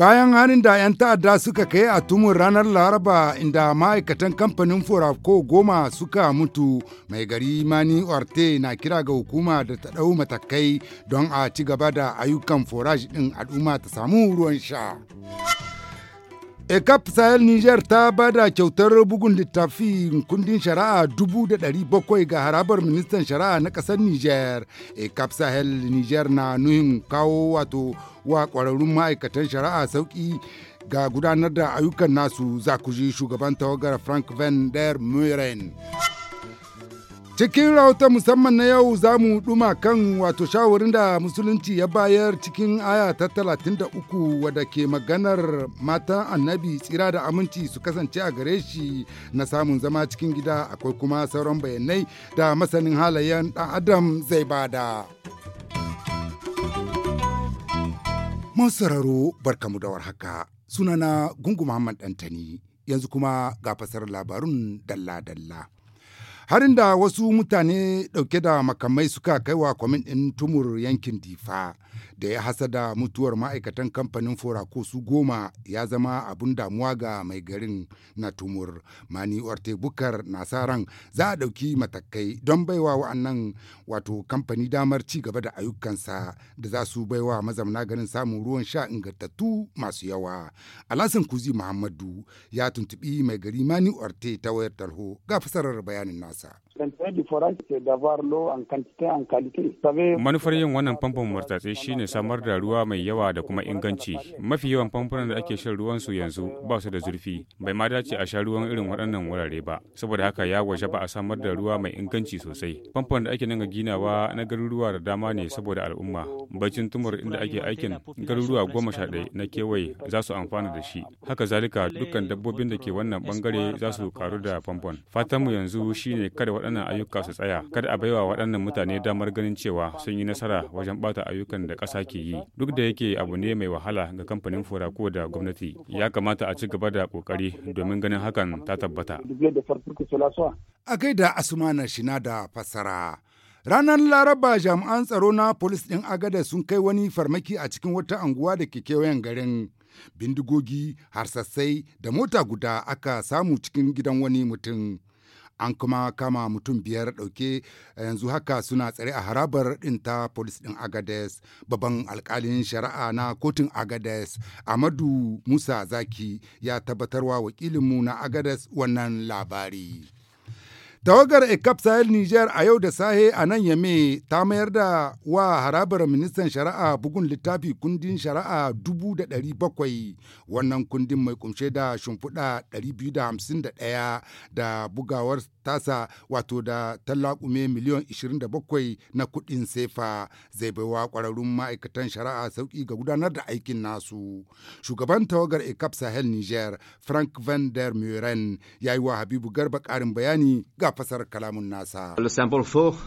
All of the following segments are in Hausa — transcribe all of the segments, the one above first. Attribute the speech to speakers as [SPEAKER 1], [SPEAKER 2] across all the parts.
[SPEAKER 1] Bayan hanin da 'yan ta'adda suka kai a tumun ranar Laraba inda ma'aikatan kamfanin Forafco goma suka mutu, mai gari Mani Orte na kira ga hukuma da ta ɗau matakai don a ci gaba da ayyukan forage ɗin al'umma ta samu ruwan sha. ecap sahel niger ta ba da kyautar bugun littafin kundin shari'a bakwai ga harabar ministan shari'a na ƙasar niger ecap sahel niger na nuhin kawo wato wa ƙwararrun ma'aikatan shari'a sauƙi ga gudanar da ayyukan nasu zakuji shugaban tawagar frank van der muren Cikin rahoton musamman na yau za mu ɗuma kan wato shawarin da musulunci ya bayar cikin aya ta 33 wadda ke maganar matan annabi tsira da aminci su kasance a gare shi na samun zama cikin gida akwai kuma sauran bayanai da masanin halayen ɗan adam zai bada. Masararo barkamu da warhaka sunana Gungu Muhammad Dantani yanzu kuma ga fasar labarun dalla-dalla. Harin da wasu mutane ɗauke da makamai suka kai wa kwamin ɗin tumur yankin Difa da ya hasa da mutuwar ma'aikatan kamfanin Forako su goma ya zama abun damuwa ga mai garin na tumur. Mani Orte Bukar na ran za a ɗauki matakai don baiwa wa'annan wato kamfani damar ci gaba da ayyukansa da za su baiwa mazamna garin samun ruwan sha ingantattu masu yawa. Alhassan Kuzi Muhammadu ya tuntuɓi mai gari Mani Orte ta wayar tarho ga fasarar bayanin nasa. さ
[SPEAKER 2] Manufar yin wannan famfon martatse shine samar da ruwa mai yawa da kuma inganci. Mafi yawan famfunan da ake shan ruwan su yanzu ba su da zurfi, bai ma dace a sha ruwan irin waɗannan wurare ba. Saboda haka ya waje ba a samar da ruwa mai inganci sosai. Famfon da ake nanga ginawa na garuruwa da dama ne saboda al'umma. Bacin tumur inda ake aikin garuruwa goma sha ɗaya na kewaye za su amfana da shi. Haka zalika dukkan dabbobin da ke wannan bangare za su karu da famfon. Fatanmu yanzu shine kada waɗannan waɗannan ayyuka su tsaya kada a baiwa waɗannan mutane damar ganin cewa sun yi nasara wajen bata ayyukan da ƙasa ke yi duk da yake abu ne mai wahala ga kamfanin furako da gwamnati ya kamata a ci gaba da ƙoƙari domin ganin hakan ta tabbata
[SPEAKER 1] a da asumana shina da fassara Ranar Laraba jami'an tsaro na polis ɗin agada sun kai wani farmaki a cikin wata anguwa da ke kewayen garin. Bindigogi, harsassai da mota guda aka samu cikin gidan wani mutum. an kuma kama mutum biyar ɗauke yanzu haka suna tsare a harabar ɗin ta polis ɗin agades babban alkalin shari'a na kotun agades amadu musa zaki ya tabbatarwa wakilinmu na agades wannan labari. Tawagar ECAP Sahel Niger a yau da sahe a nan Yame ta mayar da wa harabar ministan shari'a bugun littafi kundin shari'a 700,000 wannan kundin mai kumshe da shimfiɗa 251 da bugawar tasa wato da talakume miliyan 27 na kuɗin sefa zai baiwa ƙwararrun ma'aikatan shari'a sauƙi ga gudanar da aikin nasu. Shugaban tawagar ECAP Sahel Niger, Frank van der Muren, ya yi wa Habibu Garba ƙarin bayani ga fasar kalamun nasa.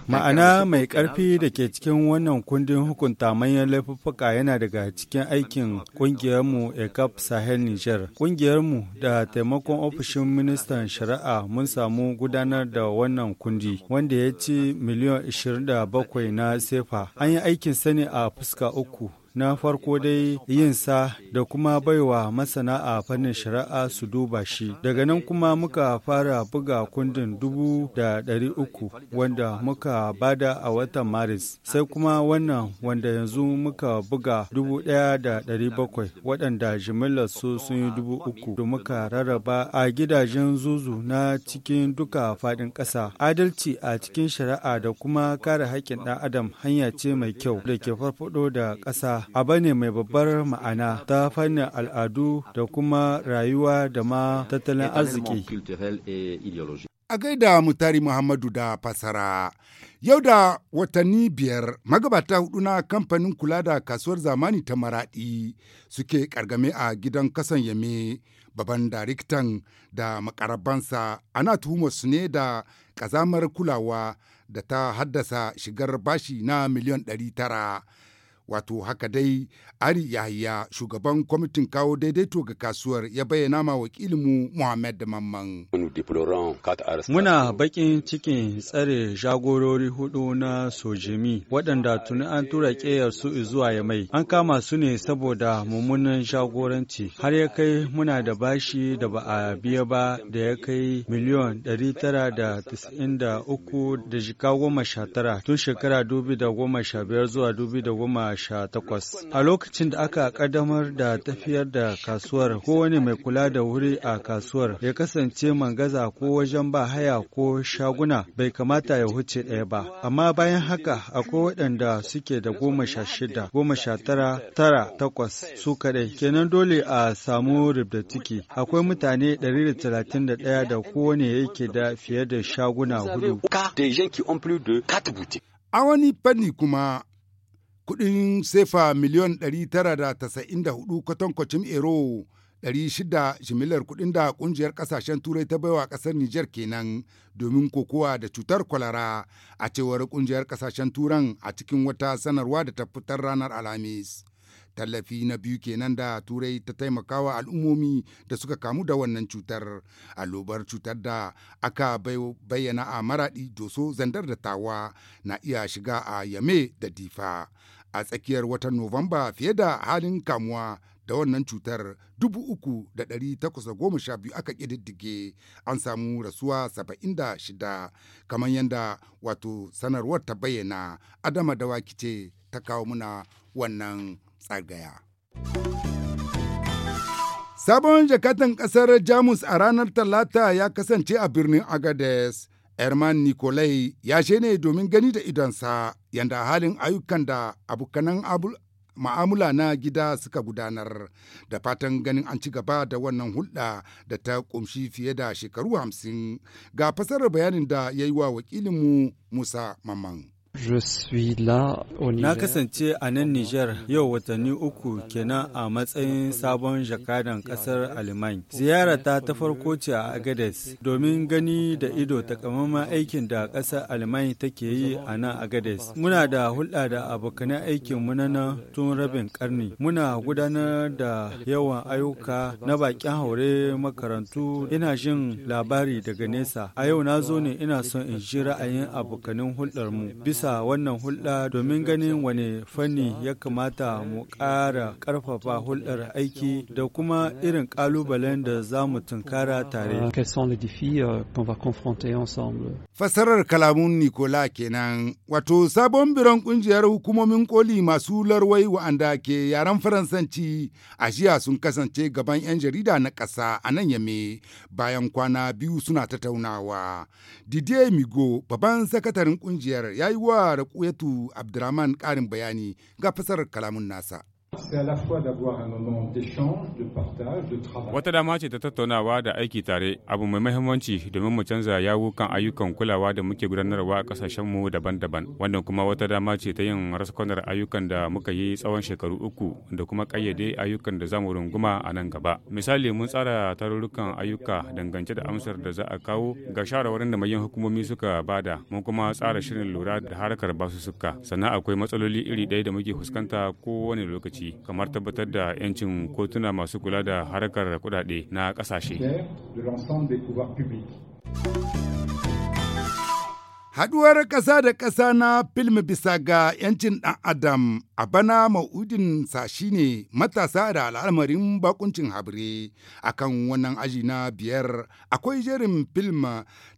[SPEAKER 3] Ma'ana mai ƙarfi da ke cikin wannan kundin hukunta manyan laifuffuka yana daga cikin aikin ƙungiyarmu ECAP Sahel Niger. Ƙungiyarmu da taimakon ofishin ministan shari'a mun samu gudanar gudanar da wannan kundi wanda ya ci miliyan 27 na sefa. An yi aikin sani a fuska uku na farko dai yin sa da kuma baiwa masana a fannin shari'a su duba shi. Daga nan kuma muka fara buga kundin dubu da ɗari uku wanda muka bada a watan Maris. Sai kuma wannan wanda yanzu muka buga dubu ɗaya da ɗari bakwai waɗanda jimillar su sun yi dubu uku da muka rarraba a gidajen zuzu na cikin duka faɗin ƙasa. Adalci a cikin shari'a da kuma kare haƙƙin ɗan adam hanya ce mai kyau da ke farfaɗo da ƙasa abu ne mai babbar ma'ana ta fannin al'adu da kuma rayuwa da ma tattalin arziki.
[SPEAKER 1] a gaida mutari Muhammadu da fasara. Yau da watanni biyar magabata hudu na kamfanin kula da kasuwar zamani ta maraɗi suke kargame a gidan kasan yame baban daraktan da makarabansa ana tuhumar su ne da ƙazamar kulawa da ta haddasa shigar bashi na miliyan ɗari tara wato haka dai ari yahaya shugaban kwamitin kawo daidaito ga kasuwar ya bayyana ma wakilinmu muhammad mamman
[SPEAKER 3] muna bakin cikin tsare jagorori hudu na sojemi waɗanda tuni an tura su zuwa ya mai an kama su ne saboda mummunan jagoranci har ya kai muna da bashi da ba a biya ba da ya kai miliyon tara da goma sha tara tun shekara 2015 zuwa sha A lokacin da aka ƙaddamar da tafiyar da kasuwar kowane mai kula da wuri a kasuwar ya kasance mangaza ko wajen ba haya ko shaguna bai kamata ya huce ɗaya ba. Amma bayan haka akwai waɗanda suke da goma sha shida, goma sha tara, tara takwas su kaɗai. Kenan dole a samu rubda ciki. Akwai mutane ɗari da talatin da ɗaya da kowane yake da fiye da shaguna hudu.
[SPEAKER 1] A wani fanni kuma kuɗin sefa miliyon 994 kwatankwacin ero 600 shimilar kuɗin da ƙungiyar ƙasashen turai ta baiwa ƙasar Nijar kenan domin kokowa da cutar kwalara a cewar ƙungiyar ƙasashen turan a cikin wata sanarwa da ta fitar ranar Alhamis. tallafi na biyu kenan da turai ta taimakawa al'ummomi da suka kamu da wannan cutar allobar cutar da aka bayyana a maradi doso zandar da tawa na iya shiga a yame da difa a tsakiyar watan novamba fiye da halin kamuwa da wannan cutar da goma sha biyu aka ƙididdige an samu rasuwa saba'in da shida kamar yadda wato sanarwar ta bayyana adama dawaki ce ta kawo muna wannan tsagaya. Sabon jakatan ƙasar Jamus a ranar Talata ya kasance a birnin Agades. Herman Nikolai ya ne domin gani da idonsa yanda halin ayyukan da abokanan ma'amula na gida suka gudanar da fatan ganin an ci gaba da wannan hulɗa da ta ƙumshi fiye da shekaru hamsin ga fasarar bayanin da ya yi wa wakilinmu Musa Maman. Na
[SPEAKER 3] kasance a nan Nijar yau watanni uku kenan a matsayin sabon jakadan kasar Alemany. Ziyarata ta farko ce a Agades domin gani da ido takamaiman aikin da kasar Alemany take yi a nan Agades. Muna da hulɗa da abokanan aikin mu na tun rabin karni. Muna gudanar da yawan ayyuka na bakin haure makarantu ina jin labari daga nesa. A yau na zo ne ina son in ji ra'ayin abokanin hulɗar mu. Bisa bisa wannan hulɗa domin ganin wane fanni ya kamata mu ƙara ƙarfafa hulɗar aiki da kuma
[SPEAKER 1] irin ƙalubalen da za mu tunkara tare.
[SPEAKER 3] Euh,
[SPEAKER 1] Fasarar kalamun Nikola kenan, wato sabon biran ƙungiyar hukumomin koli masu larwai wa'anda ke yaren Faransanci a jiya sun kasance gaban 'yan jarida na ƙasa a nan yame bayan kwana biyu suna tattaunawa. Didier Migo, babban sakataren ƙungiyar, ya yi wa wa Raƙuyatu Abdurrahman ƙarin bayani ga fasarar kalamun nasa.
[SPEAKER 2] Wata dama ce ta tattaunawa da aiki tare abu mai mahimmanci domin mu canza yawu kan ayyukan kulawa da muke gudanarwa a kasashen mu daban-daban. Wannan kuma wata dama ce ta yin raskonar ayyukan da muka yi tsawon shekaru uku da kuma kayyade ayyukan da zamu runguma a nan gaba. Misali mun tsara tarurrukan ayyuka dangance da amsar da za a kawo ga shawarwarin da manyan hukumomi suka bada mun kuma tsara shirin lura da harkar suka sannan akwai matsaloli iri ɗaya da muke fuskanta kowane lokaci. gwamnati kamar tabbatar da 'yancin kotuna masu kula da harkar kudade na kasashe.
[SPEAKER 1] Haduwar ƙasa da ƙasa na film bisa ga 'yancin ɗan Adam a bana ma'udin sa shine matasa da al'amarin bakuncin habire akan wannan aji na biyar akwai jerin film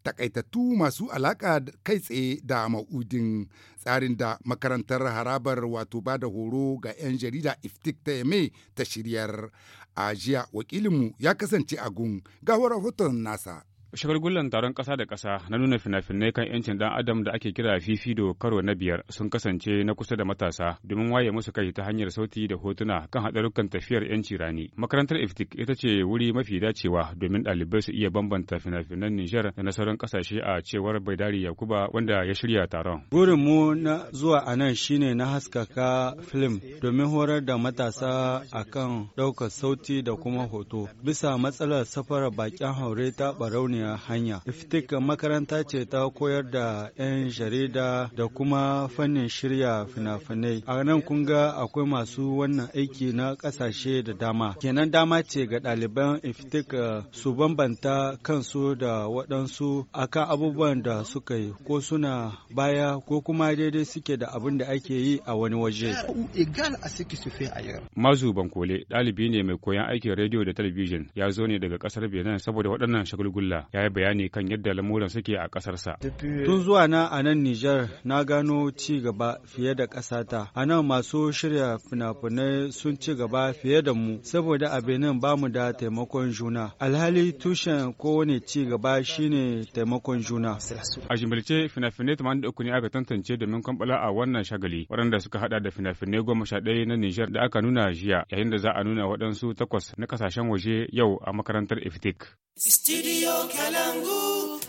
[SPEAKER 1] takaitattu masu alaƙa kai tsaye da ma'udin tsarin da makarantar harabar wato ba da horo ga 'yan jarida iftik ta yame ta shiryar ajiya jiya wakilinmu ya kasance a gun gawar hoton nasa.
[SPEAKER 2] shagulgulan taron ƙasa da ƙasa na nuna fina-finai kan 'yancin dan adam da ake kira fifido karo na biyar sun kasance na kusa da matasa domin waye musu kai ta hanyar sauti da hotuna kan haɗarukan tafiyar 'yanci rani makarantar iftik ita ce wuri mafi dacewa domin ɗalibai su iya bambanta fina-finan nijar da na kasashe a cewar baidari yakuba wanda ya shirya taron
[SPEAKER 3] burin mu na zuwa a nan shine na haskaka film domin horar da matasa akan ɗaukar sauti da kuma hoto bisa matsalar safarar bakin haure ta barauniya yarjejeniyar hanya. Iftik makaranta ce ta koyar da 'yan jarida da kuma fannin shirya fina-finai. A nan kun ga akwai masu wannan aiki na kasashe da dama. Kenan dama ce ga ɗaliban iftik eh, su bambanta kansu da waɗansu akan abubuwan da suka yi ko suna baya ko kuma daidai suke da abin da ake yi a wani
[SPEAKER 2] waje. mazuban kole ɗalibi ne mai koyon aikin rediyo da talabijin ya zo ne daga ƙasar Benin saboda waɗannan shagulgulla ya yi bayani kan yadda lamuran suke a kasarsa. Tun
[SPEAKER 3] zuwa na a nan Nijar na gano ci gaba fiye da ƙasata. A nan masu shirya fina-finai sun ci gaba fiye da mu saboda a Benin ba mu da taimakon juna. Alhali tushen kowane ci gaba shine taimakon juna.
[SPEAKER 2] A jimilce fina-finai uku ne aka tantance domin kwamfala a wannan shagali waɗanda suka haɗa da fina-finai goma sha ɗaya na Nijar da aka nuna jiya yayin da za a nuna waɗansu takwas na kasashen waje yau a makarantar Iftik. Kalangu.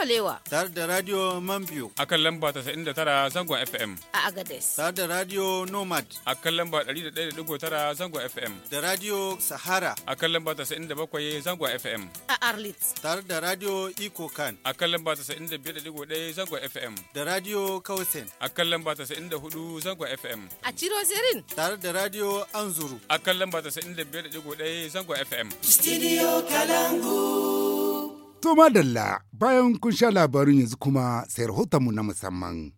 [SPEAKER 3] Balewa.
[SPEAKER 2] Tare da Radio Manbiyo. A kan lamba 99 zangon FM.
[SPEAKER 3] A Agades.
[SPEAKER 2] Tare da Radio Nomad. A kan lamba 101.9 zangon FM. Da Radio Sahara. A kan lamba 97 zangon FM. A Arlit. Tare da Radio Iko Kan. A kan lamba 95.1 zangon FM. Da Radio Kausen. A kan lamba 94 zangon FM. A Ciro Zerin. Tare da Radio Anzuru. A kan lamba 95.1 zangon FM. Studio Kalangu.
[SPEAKER 1] To madalla bayan kun sha labarin yanzu kuma sai rahotonmu na musamman.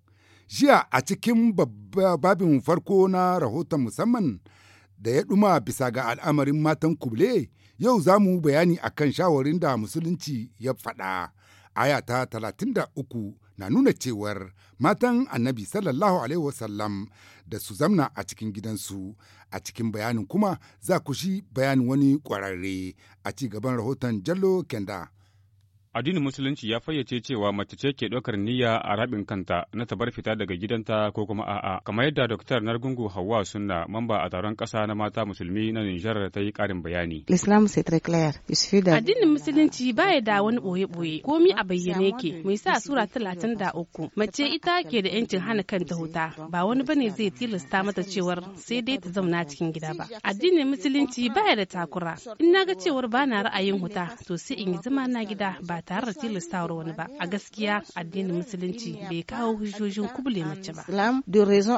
[SPEAKER 1] Jiya a cikin babin farko na rahoton musamman da ya ɗuma bisa ga al'amarin matan kuble yau za mu bayani akan shawarin da musulunci ya faɗa. Aya ta talatin da uku na nuna cewar matan annabi sallallahu alaihi wasallam da su zamna a cikin gidansu a cikin bayanin kuma za ku shi bayanin wani ƙwararre a ci gaban rahoton Jallo Kenda.
[SPEAKER 2] Addinin Musulunci ya fayyace cewa mace ce ke ɗaukar niyya a rabin kanta na ta bar fita daga gidanta ko kuma a'a. Kamar yadda Dr. Nargungu hawa Sunna, mamba a taron ƙasa na mata musulmi na Nijar ta yi ƙarin bayani.
[SPEAKER 3] Islam Addinin Musulunci baya da wani ɓoye-ɓoye, komi a bayyane ke Mai sa sura talatin da uku. Mace ita ke da ‘yancin hana kanta huta, ba wani bane zai tilasta mata cewar sai dai ta zauna cikin gida ba. Addinin Musulunci baya da takura. In na ga cewar ba na ra'ayin huta, to sai in yi zama na gida ba tare da tilastawa wani ba a gaskiya addinin musulunci bai kawo hujjojin kubule mace ba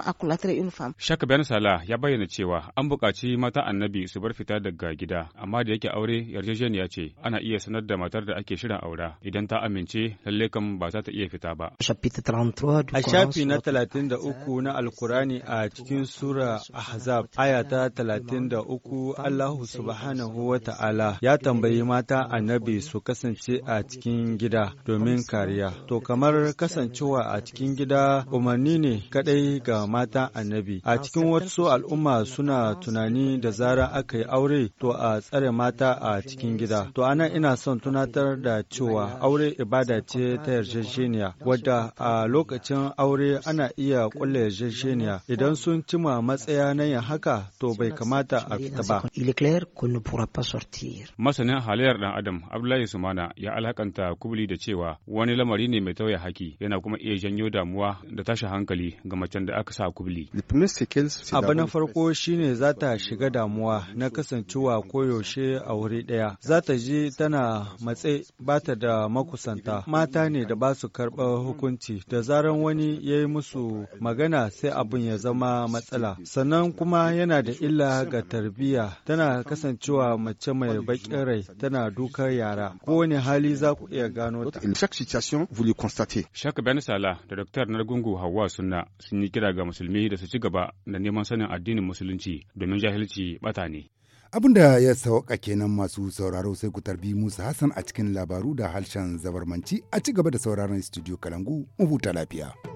[SPEAKER 3] a
[SPEAKER 2] shaka bayan sala ya bayyana cewa an buƙaci mata annabi su bar fita daga gida amma da yake aure yarjejeniya ce ana iya sanar da matar da ake shirin aura idan ta amince lalle kam ba za ta iya fita ba a shafi na
[SPEAKER 3] talatin da na alkurani a cikin sura ahzab aya ta talatin da uku allahu subhanahu wa ta'ala ya tambayi mata annabi su kasance a cikin gida domin kariya. To kamar kasancewa a cikin gida umarni ne kadai ga mata annabi. A cikin wasu al'umma suna tunani da zara aka yi aure to a tsare mata a cikin gida. To anan ina son tunatar da cewa aure ibada ce ta yarjejeniya wadda a lokacin aure ana iya kulle yarjejeniya idan sun cima matsaya na yin haka to bai kamata a fita ba.
[SPEAKER 2] Masanin halayyar ɗan Adam Abdullahi Sumana ya alhaka alakanta kubli da cewa wani lamari ne mai tauye haki yana kuma iya janyo damuwa da tashin hankali ga macen da aka sa kubli. Abu na
[SPEAKER 3] farko shine za ta shiga damuwa na kasancewa koyaushe a wuri ɗaya. Za ta ji tana matse ba ta da makusanta. Mata ne da ba su karɓar hukunci da zaran wani ya yi musu magana sai abin ya zama matsala. Sannan kuma yana da illa ga tarbiyya tana kasancewa mace mai baƙin rai tana dukar yara. Kowane hali za ku iya gano ta.
[SPEAKER 2] In chaque situation, vous le constatez. Shaka Bani Sala da Dr. Nargungu Hawwa Sunna sun yi kira ga musulmi da su ci gaba da neman sanin addinin musulunci domin jahilci bata ne.
[SPEAKER 1] Abin da ya sauka kenan masu sauraro sai ku tarbi Musa Hassan a cikin labaru da harshen zabarmanci a ci gaba da sauraron studio Kalangu mu huta lafiya.